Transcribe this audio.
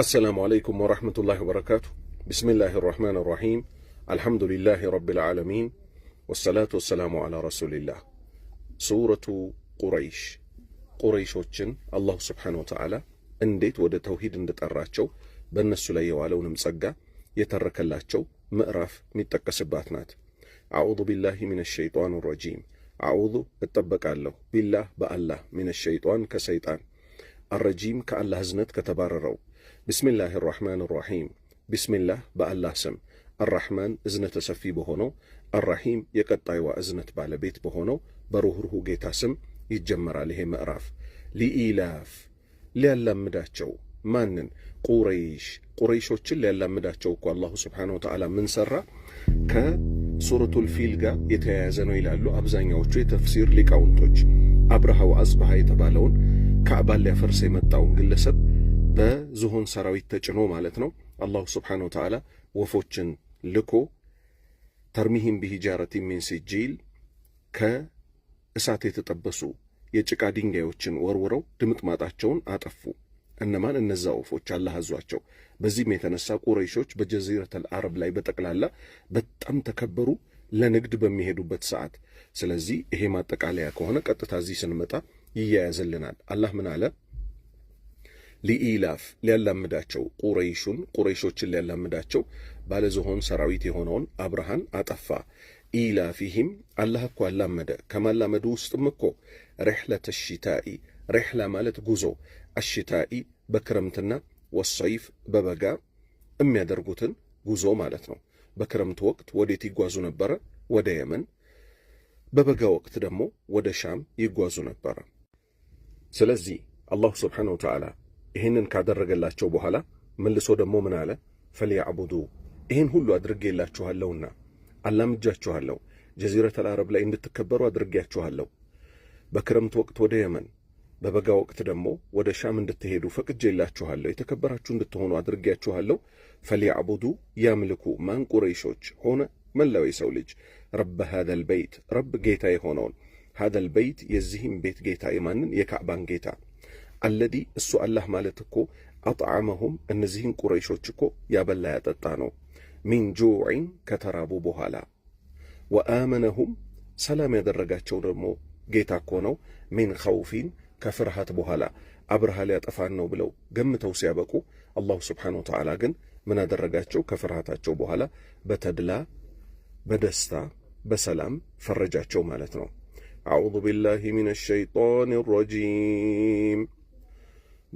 አሰላሙ አለይኩም ወረህመቱላሂ ወበረካቱ። ቢስሚላህ ራህማን ራሒም አልሐምዱሊላህ ረቢል ዓለሚን ወሰላቱ ወሰላሙ ዓላ ረሱሊላህ። ሱረቱ ቁረይሽ ቁረይሾችን አላሁ ስብሓነሁ ወተዓላ እንዴት ወደ ተውሂድ እንደጠራቸው በእነሱ ላይ የዋለውንም ጸጋ የተረከላቸው ምዕራፍ የሚጠቀስባት ናት። አዑዙ ቢላሂ ሚነ ሸይጧን ረጂም አዑዙ እጠበቃለሁ፣ ቢላህ በአላህ ሚነ ሸይጧን ከሰይጣን፣ አረጂም ከአላህ ህዝነት ከተባረረው ቢስሚላህ ራሕማን ራሒም ቢስሚላህ በአላህ ስም አራሕማን እዝነተ ሰፊ በሆነው አራሒም የቀጣይዋ እዝነት ባለቤት በሆነው በሩኅሩሁ ጌታ ስም ይጀመራል። ይሄ ምዕራፍ ሊኢላፍ ሊያላምዳቸው ማንን? ቁረይሽ ቁረይሾችን ሊያላምዳቸው እኮ አላሁ ስብሓነ ወተዓላ ምን ሠራ? ከሱረቱል ፊል ጋር የተያያዘ ነው ይላሉ አብዛኛዎቹ የተፍሲር ሊቃውንቶች። አብርሃው አጽብሃ የተባለውን ካዕባን ሊያፈርስ የመጣውን ግለሰብ በዝሆን ሰራዊት ተጭኖ ማለት ነው። አላሁ ስብሓነሁ ወተዓላ ወፎችን ልኮ ተርሚሂም ቢሂጃረት ሚን ሲጂል ከእሳት የተጠበሱ የጭቃ ድንጋዮችን ወርውረው ድምጥማጣቸውን አጠፉ። እነማን? እነዛ ወፎች አላህ አዟቸው። በዚህም የተነሳ ቁረይሾች በጀዚረተል አረብ ላይ በጠቅላላ በጣም ተከበሩ ለንግድ በሚሄዱበት ሰዓት። ስለዚህ ይሄ ማጠቃለያ ከሆነ ቀጥታ እዚህ ስንመጣ ይያያዝልናል። አላህ ምን አለ? ሊኢላፍ ሊያላምዳቸው ቁረይሹን ቁረይሾችን ሊያላምዳቸው ባለዝሆን ሰራዊት የሆነውን አብርሃን አጠፋ። ኢላፊህም አላህ እኮ አላመደ። ከማላመዱ ውስጥም እኮ ሬሕለት ሽታኢ ሬሕላ ማለት ጉዞ አሽታኢ በክረምትና ወሰይፍ በበጋ የሚያደርጉትን ጉዞ ማለት ነው። በክረምት ወቅት ወዴት ይጓዙ ነበረ? ወደ የመን። በበጋ ወቅት ደግሞ ወደ ሻም ይጓዙ ነበረ። ስለዚህ አላሁ ስብሓነሁ ወተዓላ ይህንን ካደረገላቸው በኋላ መልሶ ደግሞ ምን አለ? ፈሊያዕቡዱ ይህን ሁሉ አድርጌላችኋለሁና አላምጃችኋለሁ፣ ጀዚረተል አረብ ላይ እንድትከበሩ አድርጌያችኋለሁ። በክረምት ወቅት ወደ የመን፣ በበጋ ወቅት ደግሞ ወደ ሻም እንድትሄዱ ፈቅጄላችኋለሁ፣ የተከበራችሁ እንድትሆኑ አድርጌያችኋለሁ። ፈሊያዕቡዱ ያምልኩ ማን ቁረይሾች ሆነ መላው የሰው ልጅ ረበ ሃደል በይት ረብ ጌታ የሆነውን ሃደል በይት የዚህም ቤት ጌታ የማንን የካዕባን ጌታ አለዲ እሱ አላህ ማለት እኮ አጥዓመሁም እነዚህን ቁረይሾች እኮ ያበላ ያጠጣ ነው። ሚን ጁዕን ከተራቡ በኋላ ወአመነሁም ሰላም ያደረጋቸው ደግሞ ጌታ እኮ ነው። ሚን ኸውፊን ከፍርሃት በኋላ አብርሃ ሊያጠፋን ነው ብለው ገምተው ሲያበቁ አላሁ ስብሓነሁ ወተዓላ ግን ምን አደረጋቸው? ከፍርሃታቸው በኋላ በተድላ በደስታ በሰላም ፈረጃቸው ማለት ነው። አዑዙ ቢላሂ ሚነ ሸይጣን ረጂም